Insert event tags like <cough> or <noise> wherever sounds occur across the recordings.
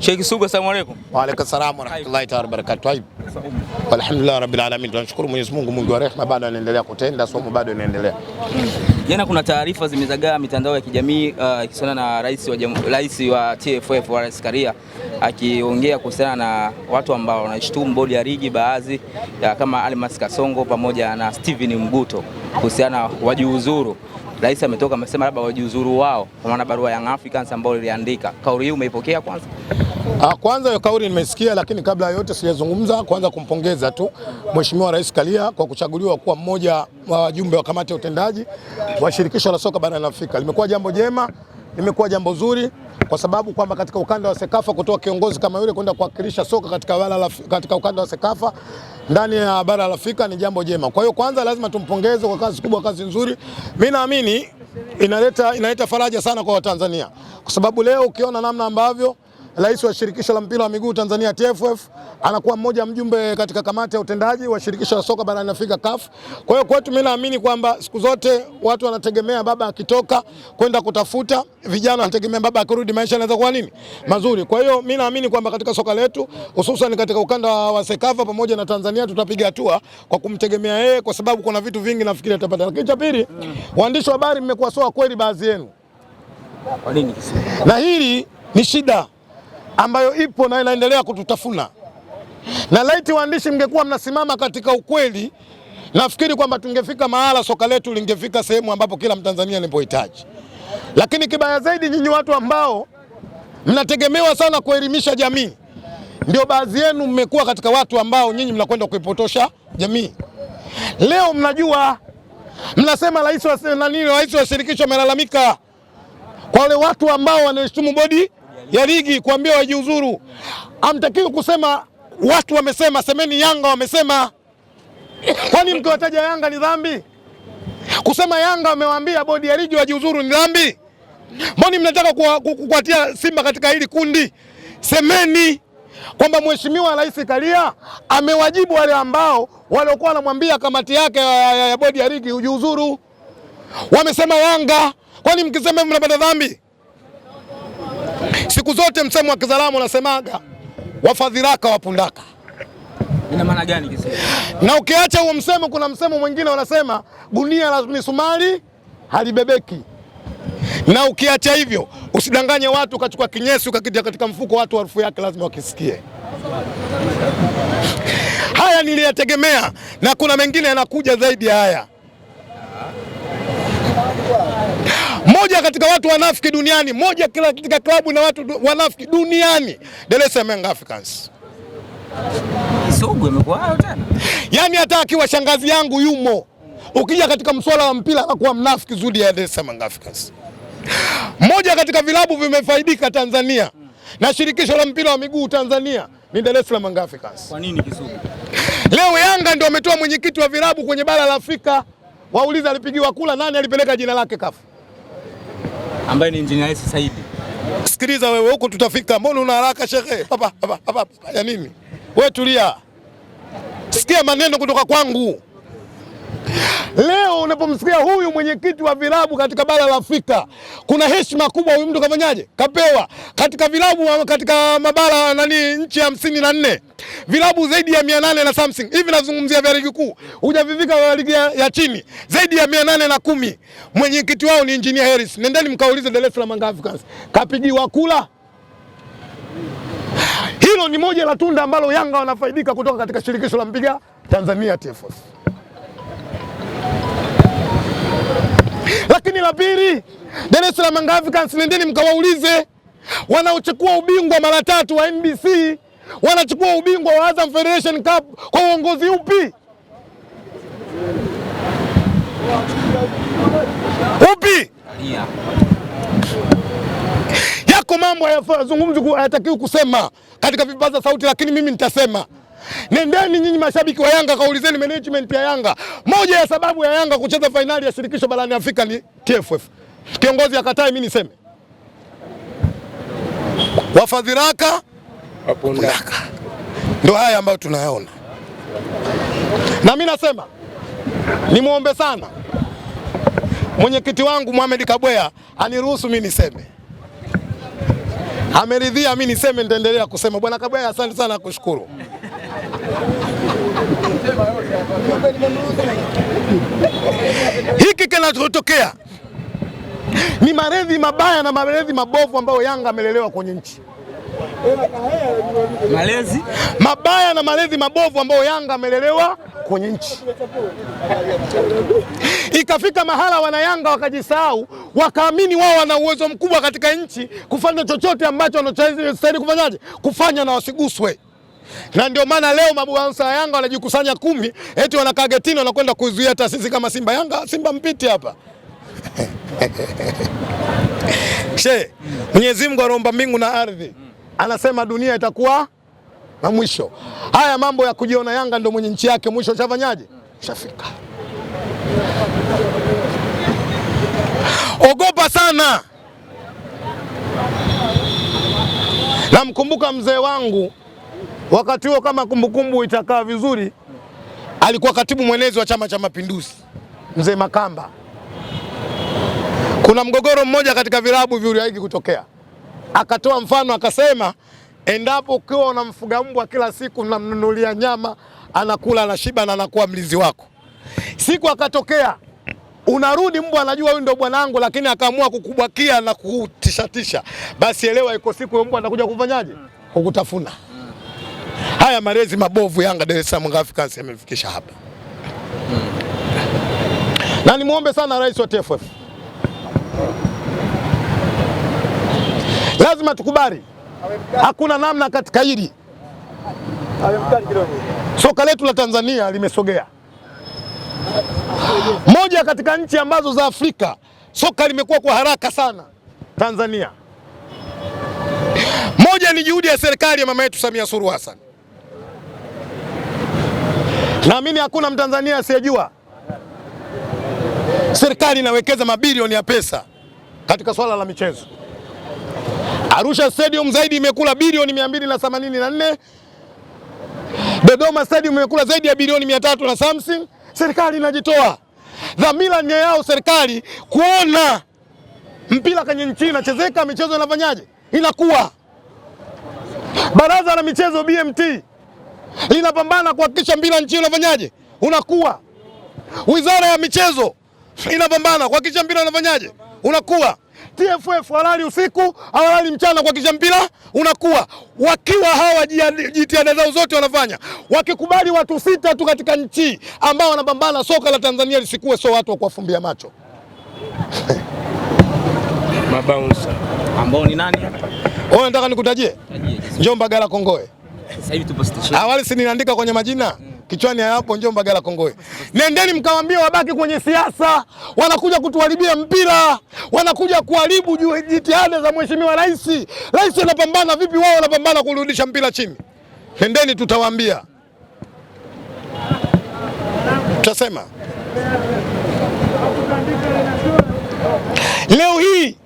Sheikh Sugu, asalamu alaykum. Wa alaykum salaam wa rahmatullahi ta'ala barakatuh. Alhamdulillah rabbil alamin, tunashukuru Mwenyezi Mungu mwingi wa rehema, bado anaendelea kutenda, somo bado inaendelea. Jana kuna taarifa zimezagaa mitandao ya kijamii uh, ikihusiana uh, na rais wa rais wa TFF Wallace Karia akiongea kuhusiana na watu ambao wanashtumu bodi ya ligi baadhi kama Almas Kasongo pamoja na Steven Mguto kuhusiana wajiuzuru. Rais ametoka amesema labda wajiuzuru wao, kwa maana barua ya Africans ambayo iliandika. Kauli hii umeipokea kwanza? Ah, kwanza hiyo kauli nimesikia, lakini kabla ya yote sijazungumza, kwanza kumpongeza tu Mheshimiwa Rais kalia kwa kuchaguliwa kuwa mmoja wa wajumbe wa kamati ya utendaji wa shirikisho la soka barani Afrika. Limekuwa jambo jema, limekuwa jambo zuri kwa sababu kwamba katika ukanda wa Sekafa kutoa kiongozi kama yule kwenda kuwakilisha soka katika, katika ukanda wa Sekafa ndani ya bara la Afrika ni jambo jema. Kwa hiyo kwanza lazima tumpongeze kwa kazi kubwa, kazi nzuri. Mimi naamini inaleta, inaleta faraja sana kwa Watanzania kwa sababu leo ukiona namna ambavyo rais wa shirikisho la mpira wa miguu Tanzania TFF anakuwa mmoja mjumbe katika kamati ya utendaji wa shirikisho la soka barani Afrika CAF. Kwa hiyo kwetu mimi naamini kwamba siku zote watu wanategemea baba akitoka kwenda kutafuta vijana, wanategemea baba akirudi maisha yanaweza kuwa nini mazuri. Kwa hiyo mimi naamini kwamba katika soka letu hususan katika ukanda wa Sekafa pamoja na Tanzania tutapiga hatua kwa kumtegemea yeye, kwa sababu kuna vitu vingi nafikiri atapata. Lakini cha pili, waandishi wa habari mmekuwa soa kweli baadhi yenu, na hili ni shida ambayo ipo na inaendelea kututafuna, na laiti waandishi mngekuwa mnasimama katika ukweli, nafikiri kwamba tungefika mahala soka letu lingefika sehemu ambapo kila Mtanzania alipohitaji Lakini kibaya zaidi, nyinyi watu ambao mnategemewa sana kuelimisha jamii, ndio baadhi yenu mmekuwa katika watu ambao nyinyi mnakwenda kuipotosha jamii. Leo mnajua, mnasema rais wa nani, rais wa shirikisho amelalamika kwa wale watu ambao wanaheshimu bodi ya ligi kuambia wajiuzuru. Hamtakiwi kusema watu wamesema, semeni Yanga wamesema. Kwani mkiwataja Yanga ni dhambi? Kusema Yanga wamewaambia bodi ya ligi wajiuzuru ni dhambi? Mboni mnataka kukwatia Simba katika hili kundi, semeni kwamba Mheshimiwa Rais kalia amewajibu wale ambao waliokuwa wanamwambia kamati yake ya bodi ya ligi ujiuzuru. Wamesema Yanga, kwani mkisema mnapata dhambi? Siku zote msemo wa Kizaramo unasemaga wafadhilaka wapundaka. Ina maana gani kisa? Na ukiacha huo msemo, kuna msemo mwingine unasema gunia la misumari halibebeki. Na ukiacha hivyo, usidanganye watu ukachukua kinyesi ukakitia katika mfuko, watu harufu yake lazima wakisikie. Haya niliyategemea, na kuna mengine yanakuja zaidi ya haya. moja katika watu wanafiki duniani, moja kila katika klabu na watu wanafiki duniani, Dar es Salaam Africans. Sugu imekuwa hayo tena. Yaani hata akiwa shangazi yangu yumo. Ukija katika mswala wa mpira akakuwa mnafiki zuri ya Dar es Salaam Africans. Moja katika vilabu vimefaidika Tanzania na shirikisho la mpira wa miguu Tanzania ni Dar es Salaam Young Africans. Kwa nini Kisugu? Leo Yanga ndio ametoa mwenyekiti wa vilabu kwenye bara la Afrika. Waulize alipigiwa kula nani alipeleka jina lake kafu ambaye ni Injinia sasa hivi. Sikiliza wewe, huko tutafika. Mbona una haraka shehe? Hapa hapa hapa ya nini? Wewe tulia, sikia maneno kutoka kwangu. Leo unapomsikia huyu mwenyekiti wa vilabu katika bara la Afrika, kuna heshima kubwa huyu mtu kafanyaje, kapewa katika vilabu katika mabara nani, nchi hamsini na nne vilabu zaidi ya mia nane na something hivi, nazungumzia vya ligi kuu, hujavivika ligi ya, ya chini zaidi ya mia nane na kumi. Mwenyekiti wao ni Engineer Harris, nendeni mkaulize Dar es Salaam Young Africans kapigiwa kula. Hilo ni moja la tunda ambalo Yanga wanafaidika kutoka katika shirikisho la mpiga Tanzania TFF. Lakini la pili, Dar es Salaam Young Africans, nendeni mkawaulize wanaochukua ubingwa mara tatu wa NBC wanachukua ubingwa wa Azam Federation Cup kwa uongozi upi? Upi? Yako mambo hayazungumzwi, hayatakiwi kusema katika vipaza sauti, lakini mimi nitasema. Nendeni nyinyi mashabiki wa Yanga kaulizeni management ya Yanga. Moja ya sababu ya Yanga kucheza fainali ya shirikisho barani Afrika ni TFF. Kiongozi akatae, mimi niseme wafadhilaka wapundaka, ndio haya ambayo tunayaona, na mimi nasema nimwombe sana mwenyekiti wangu Mohamed Kabwea aniruhusu mimi niseme ameridhia, mimi niseme, nitaendelea kusema. Bwana Kabwea, asante sana, nakushukuru. Hiki kinachotokea ni malezi mabaya na malezi mabovu ambayo Yanga amelelewa kwenye nchi, malezi mabaya na malezi mabovu ambayo Yanga amelelewa kwenye nchi. Ikafika mahala wana Yanga wakajisahau, wakaamini wao wana uwezo mkubwa katika nchi kufanya chochote ambacho wanachostahili kufanyaje, kufanya na wasiguswe na ndio maana leo mabounsa ya Yanga wanajikusanya kumi, eti wanakaa getini, wanakwenda kuzuia taasisi kama Simba Yanga Simba mpiti hapa she <laughs> Mwenyezi Mungu anaomba mbingu na ardhi, anasema dunia itakuwa na mwisho. Haya mambo ya kujiona Yanga ndio mwenye nchi yake, mwisho ushafanyaje? Ushafika. Ogopa sana. Namkumbuka mzee wangu wakati huo, kama kumbukumbu itakaa vizuri, alikuwa katibu mwenezi wa Chama cha Mapinduzi mzee Makamba. Kuna mgogoro mmoja katika vilabu viuliaiki kutokea, akatoa mfano akasema, endapo ukiwa unamfuga mbwa kila siku unamnunulia nyama, anakula anashiba na anakuwa mlinzi wako, siku akatokea unarudi mbwa anajua huyu ndio bwanangu, lakini akaamua kukubwakia na kutishatisha basi elewa iko siku mbwa anakuja kufanyaje, kukutafuna. Haya malezi mabovu Yanga Dar es Salaam Africans yamefikisha hapa hmm. Na nimwombe sana rais wa TFF, lazima tukubali, hakuna namna katika hili soka letu la Tanzania limesogea, moja katika nchi ambazo za Afrika soka limekuwa kwa haraka sana. Tanzania moja ni juhudi ya serikali ya mama yetu Samia Suluhu Hassan. Naamini hakuna Mtanzania asiyejua serikali inawekeza mabilioni ya pesa katika swala la michezo. Arusha Stadium zaidi imekula bilioni nne Dodoma Stadium imekula zaidi ya bilioni tatu na something. Serikali inajitoa. Dhamira nia yao serikali kuona mpira kwenye nchi inachezeka, michezo inafanyaje, inakuwa. Baraza la michezo BMT linapambana kuhakikisha mpira nchini unafanyaje, unakuwa. Wizara ya michezo inapambana kuhakikisha mpira unafanyaje, unakuwa. TFF halali usiku halali mchana kuhakikisha mpira unakuwa, wakiwa hawa jitihada zao zote wanafanya. Wakikubali watu sita tu katika nchi ambao wanapambana soka la Tanzania lisikuwe so watu wa kuwafumbia macho mabaunsa ambao ni nani? Wewe nataka nikutajie Njomba Gala Kongoe awali si ninaandika kwenye majina kichwani hapo, njoo Mbagala Kongoe, Nendeni mkawaambie wabaki kwenye siasa, wanakuja kutuharibia mpira, wanakuja kuharibu jitihada za mheshimiwa rais. Rais anapambana vipi? Wao wanapambana kurudisha mpira chini. Nendeni, tutawaambia, tutasema leo hii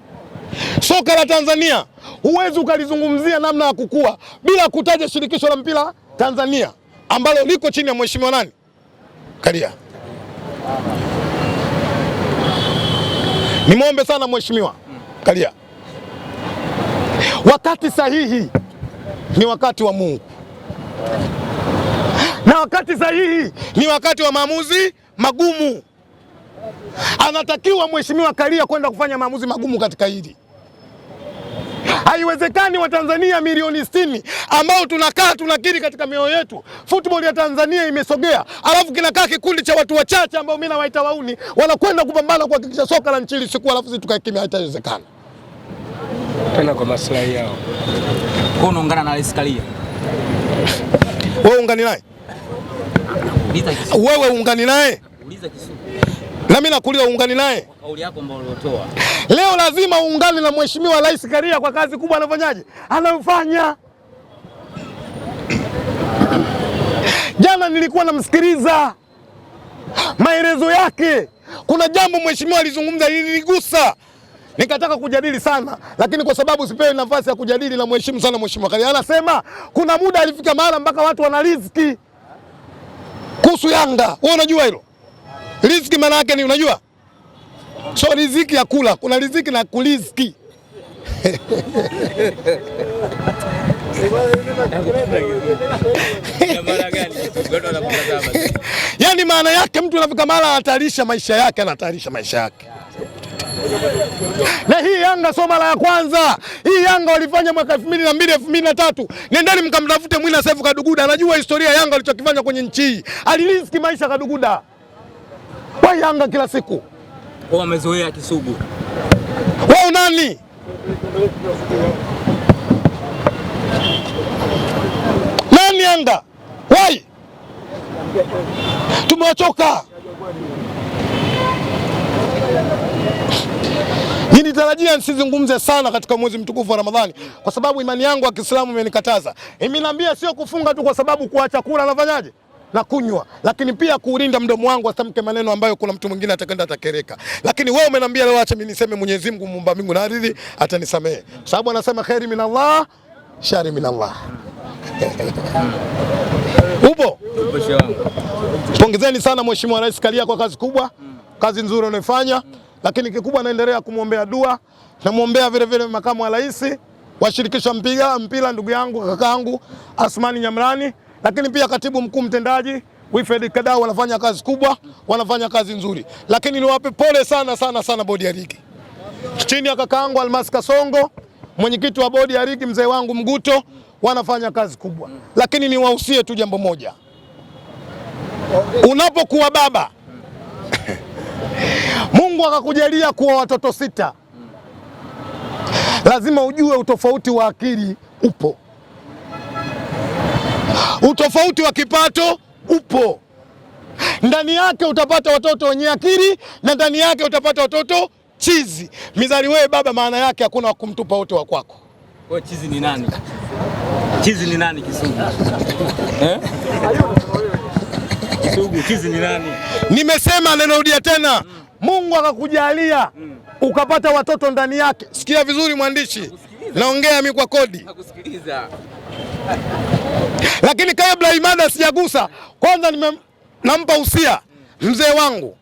soka la Tanzania huwezi ukalizungumzia namna ya kukua bila kutaja shirikisho la mpira Tanzania ambalo liko chini ya mheshimiwa nani Karia. Nimwombe sana mheshimiwa Karia, wakati sahihi ni wakati wa Mungu na wakati sahihi ni wakati wa maamuzi magumu. Anatakiwa mheshimiwa Karia kwenda kufanya maamuzi magumu katika hili. Haiwezekani Watanzania milioni sitini ambao tunakaa tunakiri katika mioyo yetu football ya Tanzania imesogea, alafu kinakaa kikundi cha watu wachache ambao mimi nawaita wauni, wanakwenda kupambana kuhakikisha soka la nchi siku, alafu sisi tukae kimya. Haitawezekana tena kwa maslahi yao. Kwa unaungana na Iskalia wewe, ungani naye wewe, ungani naye na mimi nakulia, ungani naye kauli yako ambayo leo, lazima uungane na mheshimiwa Rais Karia kwa kazi kubwa anafanyaje, anamfanya. Jana nilikuwa namsikiliza maelezo yake, kuna jambo mheshimiwa alizungumza lilinigusa nikataka kujadili sana lakini kwa sababu sipewi nafasi ya kujadili, na mheshimu sana mheshimiwa Karia. Anasema kuna muda alifika mahala mpaka watu wana riziki kuhusu Yanga. Wewe unajua hilo riziki maana yake ni, unajua so riziki ya kula, kuna riziki na kuliski <laughs> yaani maana yake mtu anafika mara anahatarisha maisha yake, anahatarisha maisha yake. na hii Yanga sio mara ya kwanza. Hii Yanga walifanya mwaka elfu mbili na mbili elfu mbili na tatu Nendeni mkamtafute Mwina Sefu Kaduguda, anajua historia ya Yanga alichokifanya kwenye nchi hii. Aliriski maisha Kaduguda. kwa Yanga kila siku wao wamezoea Kisugu. Wewe nani? Nani Yanga? Wai, tumewachoka. Nilitarajia nisizungumze sana katika mwezi mtukufu wa Ramadhani kwa sababu imani yangu ya Kiislamu imenikataza. Mimi sio kufunga tu, kwa sababu kuacha kula nafanyaje na kunywa, lakini pia kuulinda mdomo wangu asitamke maneno ambayo kuna mtu mwingine atakenda atakereka. Lakini wewe umeniambia leo, acha mimi niseme, Mwenyezi Mungu muumba mbingu na ardhi atanisamehe, kwa sababu anasema kheri minallah shari minallah. <laughs> Upo, pongezeni sana Mheshimiwa Rais Karia kwa kazi kubwa, kazi nzuri unaifanya, lakini kikubwa naendelea kumwombea dua, namwombea vile makamu wa rais washirikisha shirikisho mpira mpira, ndugu yangu kakaangu Asmani Nyamrani lakini pia katibu mkuu mtendaji Wilfred Kadao wanafanya kazi kubwa, wanafanya kazi nzuri, lakini niwape pole sana sana sana bodi ya ligi chini ya kakaangu Almas Kasongo, mwenyekiti wa bodi ya ligi, mzee wangu Mguto, wanafanya kazi kubwa, lakini niwahusie tu jambo moja, unapokuwa baba <laughs> Mungu akakujalia kuwa watoto sita, lazima ujue utofauti wa akili upo Utofauti wa kipato upo ndani yake, utapata watoto wenye akili na ndani yake utapata watoto chizi. mizari wewe baba, maana yake hakuna wa kumtupa wote wa kwako. Kwa chizi ni nani? Chizi ni nani Kisugu? Eh? Kisugu, chizi ni nani? Nimesema na tena mm. Mungu akakujalia mm. ukapata watoto ndani yake. Sikia vizuri mwandishi, naongea mi kwa kodi. Nakusikiliza. Lakini kabla imada sijagusa, kwanza nampa usia mzee wangu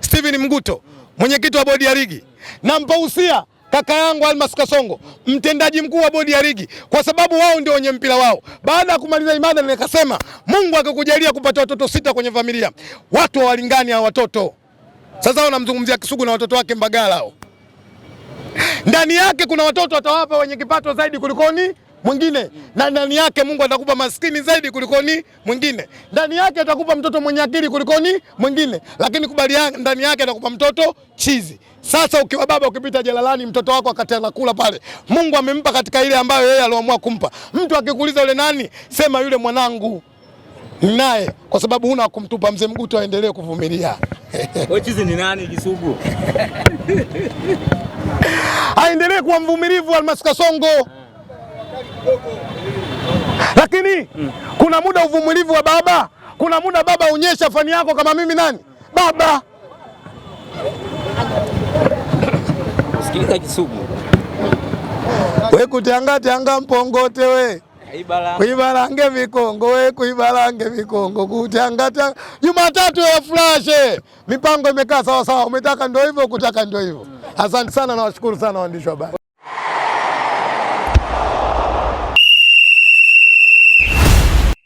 Steven Mguto, mwenyekiti wa bodi ya ligi, nampa usia kaka yangu Almas Kasongo, mtendaji mkuu wa bodi ya ligi, kwa sababu wao ndio wenye mpira wao. Baada ya kumaliza ibada, nikasema Mungu akakujalia kupata watoto sita kwenye familia, watu hawalingani hao watoto. Sasa namzungumzia Kisugu na watoto wake Mbagala hao, ndani yake kuna watoto watawapa wenye kipato zaidi kulikoni mwingine na ndani yake Mungu atakupa maskini zaidi kuliko ni mwingine, ndani yake atakupa mtoto mwenye akili kuliko ni mwingine, lakini kubali ndani yake atakupa mtoto chizi. Sasa ukiwa baba, ukipita jalalani, mtoto wako akati anakula pale, Mungu amempa katika ile ambayo yeye aliamua kumpa. Mtu akikuuliza yule nani, sema yule mwanangu naye, kwa sababu huna kumtupa. Mzee Mguto aendelee kuvumilia. <laughs> Wewe Chizi ni nani? Kisugu aendelee kuwa mvumilivu. Almasi Kasongo lakini mm. kuna muda uvumilivu wa baba, kuna muda baba unyesha fani yako kama mimi nani baba sikiliza Kisugu we kutanga tanga mpongote we kuibalange vikongo we kuibalange vikongo kutangatanga Jumatatu flashe mipango imekaa sawasawa. Umetaka ndio hivyo, kutaka ndio hivyo. Asante sana, nawashukuru sana waandishi wa habari.